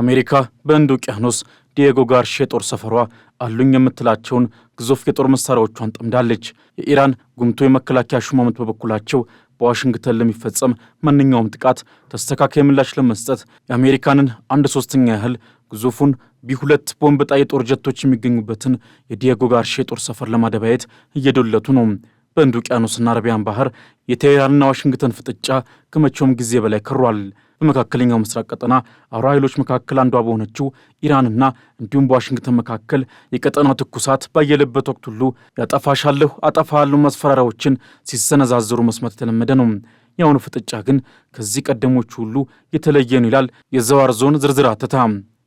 አሜሪካ በህንድ ውቅያኖስ ዲየጎ ጋርሺ የጦር ሰፈሯ አሉኝ የምትላቸውን ግዙፍ የጦር መሳሪያዎቿን ጠምዳለች። የኢራን ጉምቶ የመከላከያ ሹማምንት በበኩላቸው በዋሽንግተን ለሚፈጸም ማንኛውም ጥቃት ተስተካካይ ምላሽ ለመስጠት የአሜሪካንን አንድ ሶስተኛ ያህል ግዙፉን ቢሁለት ቦምብ ጣይ የጦር ጀቶች የሚገኙበትን የዲየጎ ጋርሺ የጦር ሰፈር ለማደባየት እየዶለቱ ነው። በህንድ ውቅያኖስና አረቢያን ባህር የቴህራንና ዋሽንግተን ፍጥጫ ከመቼውም ጊዜ በላይ ከሯል። በመካከለኛው ምስራቅ ቀጠና አውራ ኃይሎች መካከል አንዷ በሆነችው ኢራንና እንዲሁም በዋሽንግተን መካከል የቀጠናው ትኩሳት ባየለበት ወቅት ሁሉ ያጠፋሻለሁ አጠፋለሁ ማስፈራሪያዎችን ሲሰነዛዘሩ መስማት የተለመደ ነው። የአሁኑ ፍጥጫ ግን ከዚህ ቀደሞች ሁሉ የተለየ ነው ይላል የዘዋር ዞን ዝርዝር አተታ።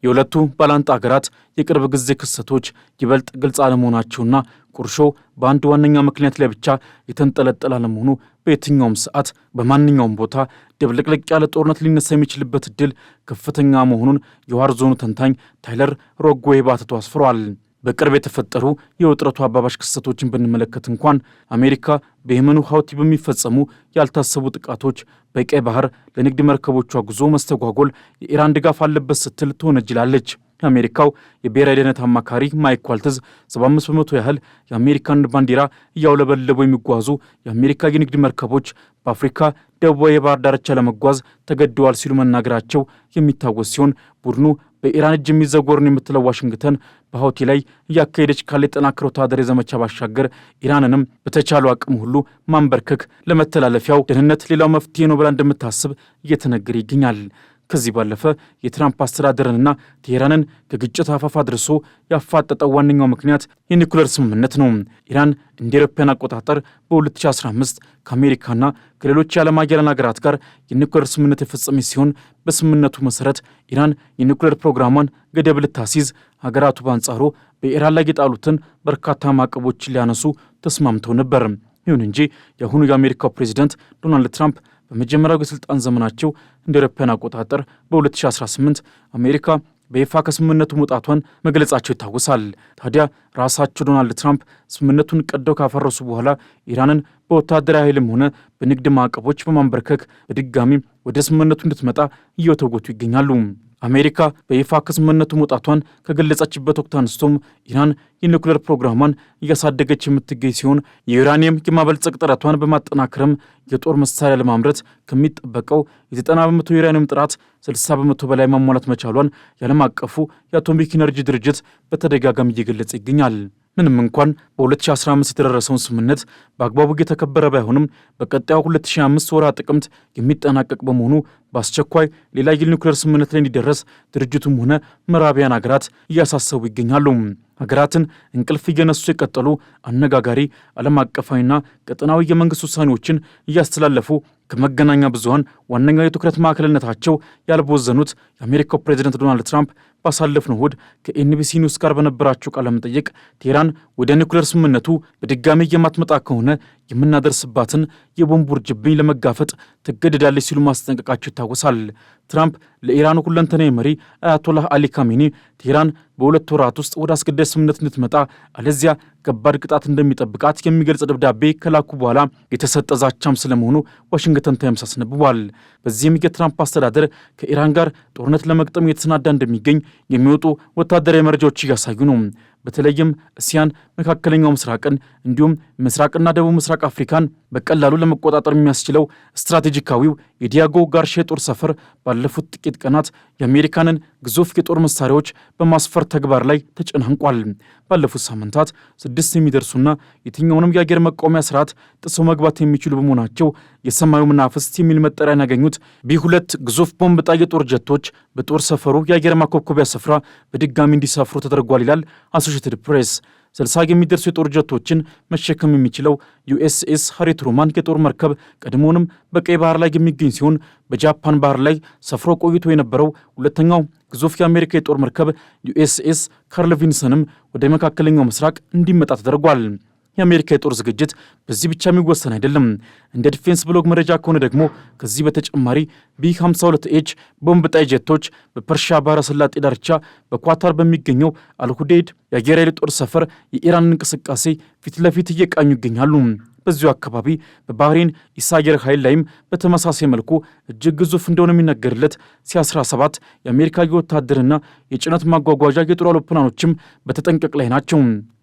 የሁለቱ ባላንጣ ሀገራት የቅርብ ጊዜ ክስተቶች ይበልጥ ግልጽ አለመሆናቸውና ቁርሾ በአንድ ዋነኛ ምክንያት ላይ ብቻ የተንጠለጠለ አለመሆኑ በየትኛውም ሰዓት በማንኛውም ቦታ ድብልቅልቅ ያለ ጦርነት ሊነሳ የሚችልበት እድል ከፍተኛ መሆኑን የዋር ዞኑ ተንታኝ ታይለር ሮጎ ባትቶ አስፍሯል። በቅርብ የተፈጠሩ የውጥረቱ አባባሽ ክስተቶችን ብንመለከት እንኳን አሜሪካ በየመኑ ሀውቲ በሚፈጸሙ ያልታሰቡ ጥቃቶች በቀይ ባህር ለንግድ መርከቦቿ ጉዞ መስተጓጎል የኢራን ድጋፍ አለበት ስትል ትወነጅላለች። የአሜሪካው የብሔራዊ ደህንነት አማካሪ ማይክ ዋልትዝ 75 በመቶ ያህል የአሜሪካን ባንዲራ እያውለበለቡ የሚጓዙ የአሜሪካ የንግድ መርከቦች በአፍሪካ ደቡባዊ የባህር ዳርቻ ለመጓዝ ተገደዋል ሲሉ መናገራቸው የሚታወስ ሲሆን ቡድኑ በኢራን እጅ የሚዘጎር ነው የምትለው ዋሽንግተን በሀውቲ ላይ እያካሄደች ካለ የጠናከረ ወታደራዊ ዘመቻ ባሻገር ኢራንንም በተቻለ አቅም ሁሉ ማንበርከክ ለመተላለፊያው ደህንነት ሌላው መፍትሄ ነው ብላ እንደምታስብ እየተነገረ ይገኛል። ከዚህ ባለፈ የትራምፕ አስተዳደርንና ቴሄራንን ከግጭት አፋፍ አድርሶ ያፋጠጠው ዋነኛው ምክንያት የኒኩለር ስምምነት ነው። ኢራን እንደ አውሮፓውያን አቆጣጠር በ2015 ከአሜሪካና ከሌሎች የዓለም ሀያላን ሀገራት ጋር የኒኩለር ስምምነት የፈጸመች ሲሆን በስምምነቱ መሰረት ኢራን የኒኩለር ፕሮግራሟን ገደብ ልታሲዝ፣ ሀገራቱ በአንጻሩ በኢራን ላይ የጣሉትን በርካታ ማዕቀቦችን ሊያነሱ ተስማምተው ነበር። ይሁን እንጂ የአሁኑ የአሜሪካው ፕሬዚደንት ዶናልድ ትራምፕ በመጀመሪያው የስልጣን ዘመናቸው እንደ አውሮፓውያን አቆጣጠር በ2018 አሜሪካ በይፋ ከስምምነቱ መውጣቷን መግለጻቸው ይታወሳል። ታዲያ ራሳቸው ዶናልድ ትራምፕ ስምምነቱን ቀደው ካፈረሱ በኋላ ኢራንን በወታደራዊ ኃይልም ሆነ በንግድ ማዕቀቦች በማንበርከክ በድጋሚ ወደ ስምምነቱ እንድትመጣ እየወተወቱ ይገኛሉ። አሜሪካ በይፋ ከስምምነቱ መውጣቷን ከገለጸችበት ወቅት አንስቶም ኢራን የኒኩሌር ፕሮግራሟን እያሳደገች የምትገኝ ሲሆን የዩራኒየም የማበልጸግ ጥረቷን በማጠናከርም የጦር መሳሪያ ለማምረት ከሚጠበቀው የ በመቶ የዩራኒየም ጥራት 60 በመቶ በላይ ማሟላት መቻሏን ያለም አቀፉ የአቶሚክ ኢነርጂ ድርጅት በተደጋጋሚ እየገለጸ ይገኛል። ምንም እንኳን በ2015 የተደረሰውን ስምምነት በአግባቡ የተከበረ ባይሆንም በቀጣዩ 2025 ወራ ጥቅምት የሚጠናቀቅ በመሆኑ በአስቸኳይ ሌላ የኒውክሌር ስምምነት ላይ እንዲደረስ ድርጅቱም ሆነ ምዕራቢያን ሀገራት እያሳሰቡ ይገኛሉ። ሀገራትን እንቅልፍ እየነሱ የቀጠሉ አነጋጋሪ ዓለም አቀፋዊና ቀጠናዊ የመንግሥት ውሳኔዎችን እያስተላለፉ ከመገናኛ ብዙሀን ዋነኛው የትኩረት ማዕከልነታቸው ያልቦዘኑት የአሜሪካው ፕሬዚደንት ዶናልድ ትራምፕ ባሳለፍነው እሁድ ከኤንቢሲ ኒውስ ጋር በነበራቸው ቃለ መጠይቅ ቴህራን ወደ ኒውክሌር ስምምነቱ በድጋሚ የማትመጣ ከሆነ የምናደርስባትን የቦምብ ውርጅብኝ ለመጋፈጥ ትገደዳለች ሲሉ ማስጠንቀቃቸው ይታወሳል። ትራምፕ ለኢራኑ ሁለንተናዊ መሪ አያቶላህ አሊ ካሜኒ ቴህራን በሁለት ወራት ውስጥ ወደ አስገዳጅ ስምምነት እንድትመጣ አለዚያ ከባድ ቅጣት እንደሚጠብቃት የሚገልጽ ደብዳቤ ከላኩ በኋላ የተሰጠ ዛቻም ስለመሆኑ ዋሽንግተን ታይምስ አስነብቧል። በዚህም የትራምፕ አስተዳደር ከኢራን ጋር ጦርነት ለመግጠም እየተሰናዳ እንደሚገኝ የሚወጡ ወታደራዊ መረጃዎች እያሳዩ ነው። በተለይም እስያን፣ መካከለኛው ምስራቅን እንዲሁም ምስራቅና ደቡብ ምስራቅ አፍሪካን በቀላሉ ለመቆጣጠር የሚያስችለው ስትራቴጂካዊው የዲያጎ ጋርሼ ጦር ሰፈር ባለፉት ጥቂት ቀናት የአሜሪካንን ግዙፍ የጦር መሳሪያዎች በማስፈር ተግባር ላይ ተጨናንቋል። ባለፉት ሳምንታት ስድስት የሚደርሱና የትኛውንም የአየር መቃወሚያ ስርዓት ጥሰው መግባት የሚችሉ በመሆናቸው የሰማዩ መናፍስት የሚል መጠሪያን ያገኙት ቢ ግዙፍ ቦምብ ጣይ የጦር ጀቶች በጦር ሰፈሩ የአየር ማኮብኮቢያ ስፍራ በድጋሚ እንዲሰፍሩ ተደርጓል ይላል አሶሽትድ ፕሬስ። ስልሳ የሚደርሱ የጦር ጀቶችን መሸከም የሚችለው ዩኤስኤስ ሃሪ ትሩማን የጦር መርከብ ቀድሞውንም በቀይ ባህር ላይ የሚገኝ ሲሆን በጃፓን ባህር ላይ ሰፍሮ ቆይቶ የነበረው ሁለተኛው ግዙፍ የአሜሪካ የጦር መርከብ ዩኤስኤስ ካርል ቪንሰንም ወደ መካከለኛው ምስራቅ እንዲመጣ ተደርጓል። የአሜሪካ የጦር ዝግጅት በዚህ ብቻ የሚወሰን አይደለም። እንደ ዲፌንስ ብሎግ መረጃ ከሆነ ደግሞ ከዚህ በተጨማሪ ቢ52 ኤች ቦምብ ጣይ ጀቶች በፐርሺያ ባህረ ሰላጤ ዳርቻ በኳታር በሚገኘው አልሁዴድ የአየር ኃይል ጦር ሰፈር የኢራንን እንቅስቃሴ ፊት ለፊት እየቃኙ ይገኛሉ። በዚሁ አካባቢ በባህሬን ኢሳየር ኃይል ላይም በተመሳሳይ መልኩ እጅግ ግዙፍ እንደሆነ የሚነገርለት ሲ17 የአሜሪካ የወታደርና የጭነት ማጓጓዣ የጦር አውሮፕላኖችም በተጠንቀቅ ላይ ናቸው።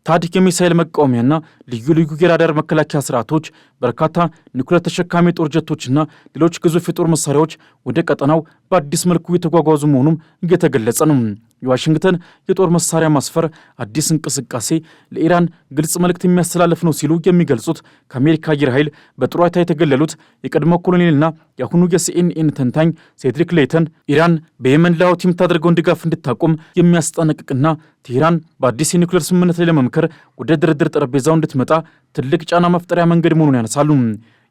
ታዲክ የሚሳይል መቃወሚያና ልዩ ልዩ የራዳር መከላከያ ስርዓቶች፣ በርካታ ኒኩሌር ተሸካሚ ጦር ጀቶችና ሌሎች ግዙፍ የጦር መሳሪያዎች ወደ ቀጠናው በአዲስ መልኩ የተጓጓዙ መሆኑም እየተገለጸ ነው። የዋሽንግተን የጦር መሳሪያ ማስፈር አዲስ እንቅስቃሴ ለኢራን ግልጽ መልእክት የሚያስተላልፍ ነው ሲሉ የሚገልጹት ከአሜሪካ አየር ኃይል በጡረታ የተገለሉት የቀድሞ ኮሎኔልና የአሁኑ የሲኤንኤን ተንታኝ ሴድሪክ ሌተን ኢራን በየመን ለሁቲ የምታደርገውን ድጋፍ እንድታቆም የሚያስጠነቅቅና ቴህራን በአዲስ የኒውክሌር ስምምነት ላይ ለመምከር ወደ ድርድር ጠረጴዛው እንድትመጣ ትልቅ ጫና መፍጠሪያ መንገድ መሆኑን ያነሳሉ።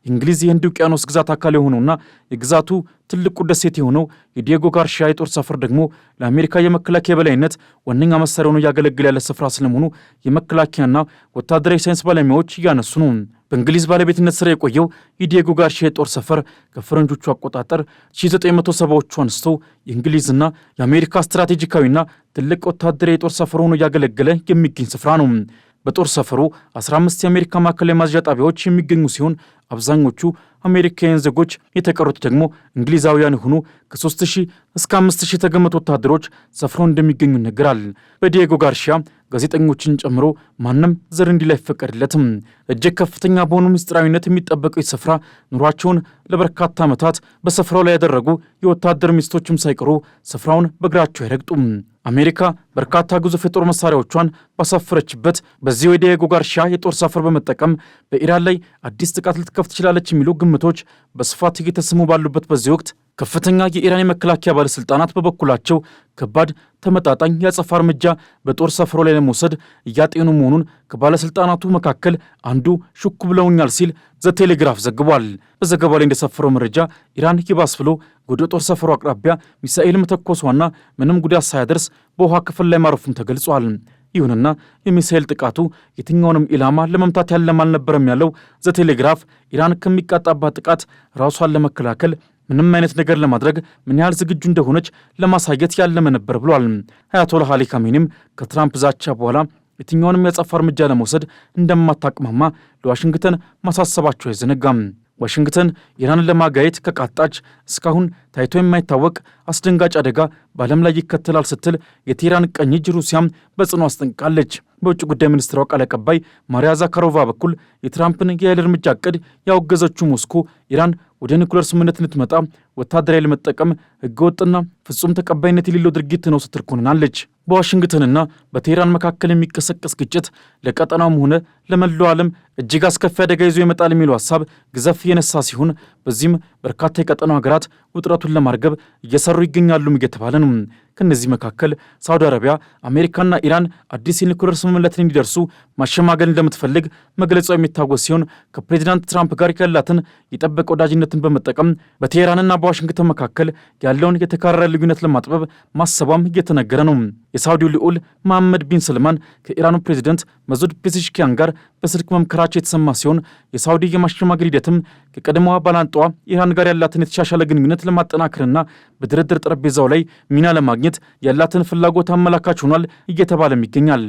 እንግሊዝ የህንድ ውቅያኖስ ግዛት አካል የሆነውና የግዛቱ ትልቁ ደሴት የሆነው የዲየጎ ጋርሺያ የጦር ሰፈር ደግሞ ለአሜሪካ የመከላከያ የበላይነት ዋነኛ መሳሪያ ሆኖ እያገለግል ያለ ስፍራ ስለመሆኑ የመከላከያና ወታደራዊ ሳይንስ ባለሙያዎች እያነሱ ነው። በእንግሊዝ ባለቤትነት ስር የቆየው የዲየጎ ጋርሺያ የጦር ሰፈር ከፈረንጆቹ አቆጣጠር 1970ዎቹ አንስቶ የእንግሊዝና የአሜሪካ ስትራቴጂካዊና ትልቅ ወታደራዊ የጦር ሰፈር ሆኖ እያገለገለ የሚገኝ ስፍራ ነው። በጦር ሰፈሩ 15 የአሜሪካ ማዕከላዊ ማዝዣ ጣቢያዎች የሚገኙ ሲሆን አብዛኞቹ አሜሪካውያን ዜጎች፣ የተቀሩት ደግሞ እንግሊዛውያን የሆኑ ከ3000 እስከ 5000 የተገመቱ ወታደሮች ሰፍሮ እንደሚገኙ ይነገራል። በዲየጎ ጋርሺያ ጋዜጠኞችን ጨምሮ ማንም ዘር እንዲል አይፈቀድለትም። እጅግ ከፍተኛ በሆኑ ምስጢራዊነት የሚጠበቀው ስፍራ ኑሯቸውን ለበርካታ ዓመታት በስፍራው ላይ ያደረጉ የወታደር ሚስቶችም ሳይቀሩ ስፍራውን በእግራቸው አይረግጡም። አሜሪካ በርካታ ግዙፍ የጦር መሳሪያዎቿን ባሳፈረችበት በዚህ የዲዬጎ ጋርሺያ የጦር ሰፈር በመጠቀም በኢራን ላይ አዲስ ጥቃት ልትከፍት ትችላለች የሚሉ ግምቶች በስፋት እየተሰሙ ባሉበት በዚህ ወቅት ከፍተኛ የኢራን የመከላከያ ባለሥልጣናት በበኩላቸው ከባድ ተመጣጣኝ የአጸፋ እርምጃ በጦር ሰፈሮ ላይ ለመውሰድ እያጤኑ መሆኑን ከባለሥልጣናቱ መካከል አንዱ ሹክ ብለውኛል ሲል ዘቴሌግራፍ ዘግቧል። በዘገባው ላይ እንደሰፈረው መረጃ ኢራን ይባስ ብሎ ወደ ጦር ሰፈሮ አቅራቢያ ሚሳኤል መተኮሷና ምንም ጉዳት ሳያደርስ በውሃ ክፍል ላይ ማረፉም ተገልጿል። ይሁንና የሚሳኤል ጥቃቱ የትኛውንም ኢላማ ለመምታት ያለም አልነበረም ያለው ዘቴሌግራፍ ኢራን ከሚቃጣባት ጥቃት ራሷን ለመከላከል ምንም አይነት ነገር ለማድረግ ምን ያህል ዝግጁ እንደሆነች ለማሳየት ያለመ ነበር ብሏል። አያቶላህ አሊ ካሜኒም ከትራምፕ ዛቻ በኋላ የትኛውንም የጸፋ እርምጃ ለመውሰድ እንደማታቅማማ ለዋሽንግተን ማሳሰባቸው አይዘነጋም። ዋሽንግተን ኢራንን ለማጋየት ከቃጣች እስካሁን ታይቶ የማይታወቅ አስደንጋጭ አደጋ በዓለም ላይ ይከተላል ስትል የቴህራን ቀኝ እጅ ሩሲያም በጽኑ አስጠንቅቃለች። በውጭ ጉዳይ ሚኒስትሯ ቃል አቀባይ ማሪያ ዛካሮቫ በኩል የትራምፕን የኃይል እርምጃ ዕቅድ ያወገዘችው ሞስኮ ኢራን ወደ ኒኩለር ስምምነት እንድትመጣ ወታደራዊ ለመጠቀም ህገወጥና ፍጹም ተቀባይነት የሌለው ድርጊት ነው ስትል ኮንናለች። በዋሽንግተንና በቴህራን መካከል የሚቀሰቀስ ግጭት ለቀጠናውም ሆነ ለመላው ዓለም እጅግ አስከፊ አደጋ ይዞ ይመጣል የሚለው ሀሳብ ግዘፍ የነሳ ሲሆን በዚህም በርካታ የቀጠናው ሀገራት ውጥረቱን ለማርገብ እየሰሩ ይገኛሉም እየተባለ ነው። ከእነዚህ መካከል ሳውዲ አረቢያ፣ አሜሪካና ኢራን አዲስ የኒኩሌር ስምምነትን እንዲደርሱ ማሸማገል እንደምትፈልግ መግለጿ የሚታወስ ሲሆን ከፕሬዚዳንት ትራምፕ ጋር ያላትን የጠበቀ ወዳጅነትን በመጠቀም በቴህራንና በዋሽንግተን መካከል ያለውን የተካረረ ልዩነት ለማጥበብ ማሰቧም እየተነገረ ነው። የሳውዲው ልዑል መሐመድ ቢን ሰልማን ከኢራኑ ፕሬዚደንት መዙድ ፔዜሽኪያን ጋር በስልክ መምከራቸው የተሰማ ሲሆን የሳውዲ የማሸማገል ሂደትም ከቀድሞዋ ባላንጣዋ ኢራን ጋር ያላትን የተሻሻለ ግንኙነት ለማጠናከርና በድርድር ጠረጴዛው ላይ ሚና ለማግኘት ያላትን ፍላጎት አመላካች ሆኗል እየተባለም ይገኛል።